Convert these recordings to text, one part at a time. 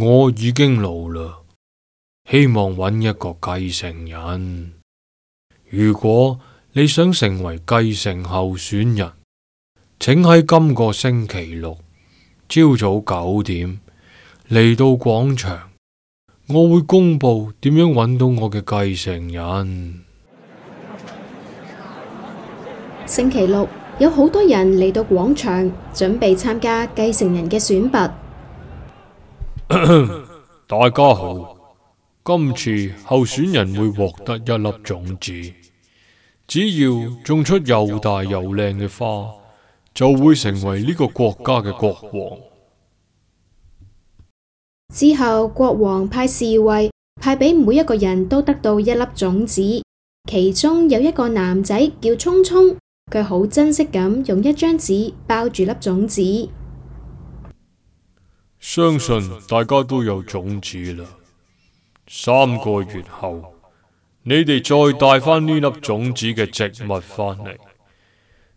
我已經老啦，希望揾一個繼承人。如果你想成為繼承候選人，請喺今個星期六朝早九點嚟到廣場，我會公布點樣揾到我嘅繼承人。星期六有好多人嚟到廣場，準備參加繼承人嘅選拔。 大家好，今次候選人會獲得一粒種子，只要種出又大又靚嘅花，就會成為呢個國家嘅國王。之後，國王派侍衛派俾每一個人都得到一粒種子，其中有一個男仔叫聰聰，佢好珍惜咁用一張紙包住粒種子。相信大家都有種子啦。三個月後，你哋再帶返呢粒種子嘅植物返嚟，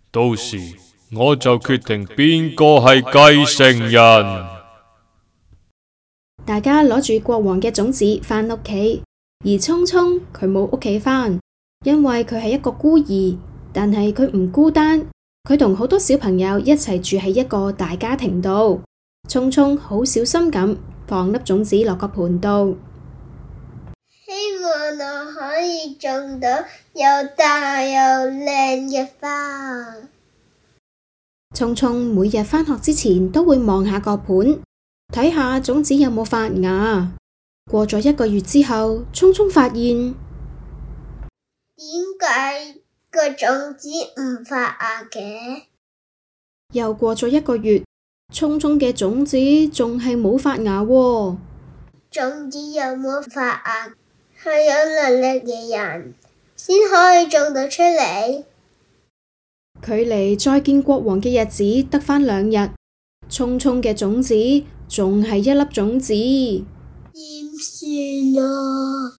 到時我就決定邊個係繼承人。大家攞住國王嘅種子返屋企，而聰聰佢冇屋企返，因為佢係一個孤兒，但係佢唔孤單，佢同好多小朋友一齊住喺一個大家庭度。聰聰好小心咁放粒種子落個盤度，希望我可以種到又大又靚嘅花。聰聰每日返學之前都會望下個盤，睇下種子有冇發芽。過咗一個月之後，聰聰發現點解個種子唔發芽嘅？又過咗一個月。聰聰嘅種子仲係冇發芽喎。種子有冇發芽，係有能力嘅人先可以種到出嚟。距離再見國王嘅日子得返兩日，聰聰嘅種子仲係一粒種子，點算啊？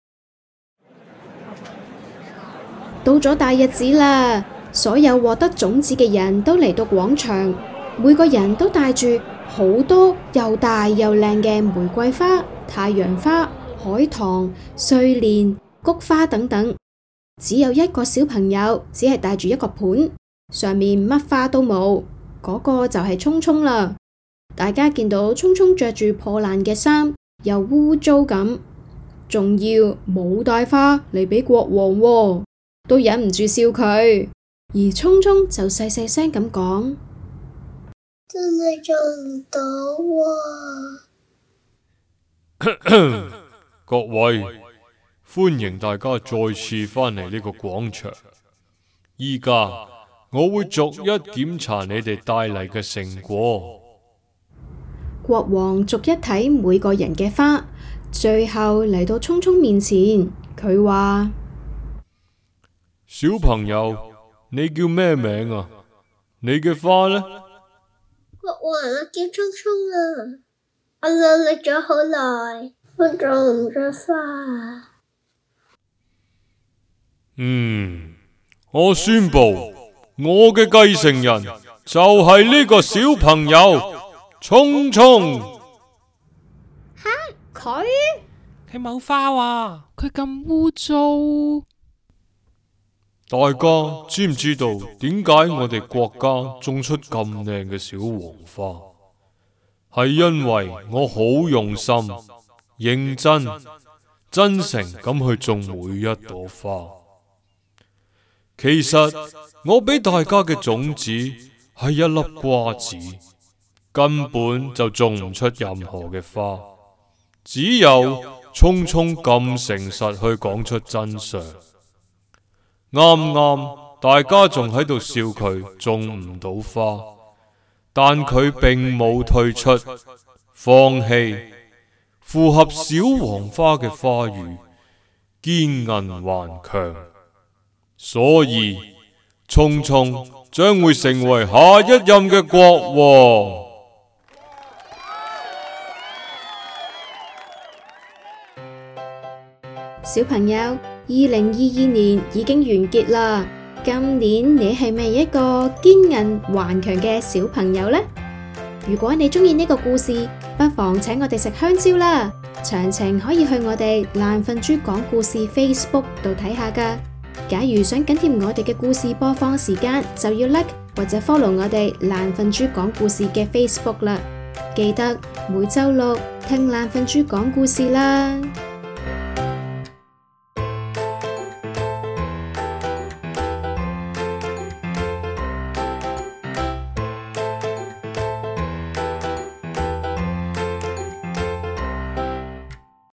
到咗大日子啦，所有獲得種子嘅人都嚟到廣場。每個人都帶住好多又大又靚嘅玫瑰花、太陽花、海棠、睡蓮、菊花等等，只有一個小朋友只係帶住一個盤，上面乜花都冇，嗰個就係聰聰啦。大家見到聰聰着住破爛嘅衫，又污糟咁，仲要冇帶花嚟俾國王喎，都忍唔住笑佢。而聰聰就細細聲咁講。真係做唔到啊！ 各位，歡迎大家再次返嚟呢個廣場。依家我會逐一檢查你哋帶嚟嘅成果。國王逐一睇每個人嘅花，最後嚟到聰聰面前，佢話：小朋友，你叫咩名啊？你嘅花呢？我叫聰聰啊！我努力咗好耐，佢仲唔着花。嗯，我宣布，我嘅繼承人就係呢個小朋友聰聰。吓，佢？佢冇花啊？佢咁污糟。大家知唔知道點解我哋國家種出咁靚嘅小黃花？係因為我好用心、認真、真誠咁去種每一朵花。其實我俾大家嘅種子係一粒瓜子，根本就種唔出任何嘅花，只有聰聰咁誠實去講出真相。啱啱大家仲喺度笑佢種唔到花，但佢並冇退出、放棄，符合小黃花嘅花語，堅韌頑強，所以聰聰將會成為下一任嘅國王。小朋友。二零二二年已經完結啦，今年你係咪一個堅韌頑強嘅小朋友呢？如果你中意呢個故事，不妨請我哋食香蕉啦。詳情可以去我哋爛瞓豬講故事 Facebook 度睇下㗎。假如想緊貼我哋嘅故事播放時間，就要 like 或者 follow 我哋爛瞓豬講故事嘅 Facebook 啦。記得每周六聽爛瞓豬講故事啦。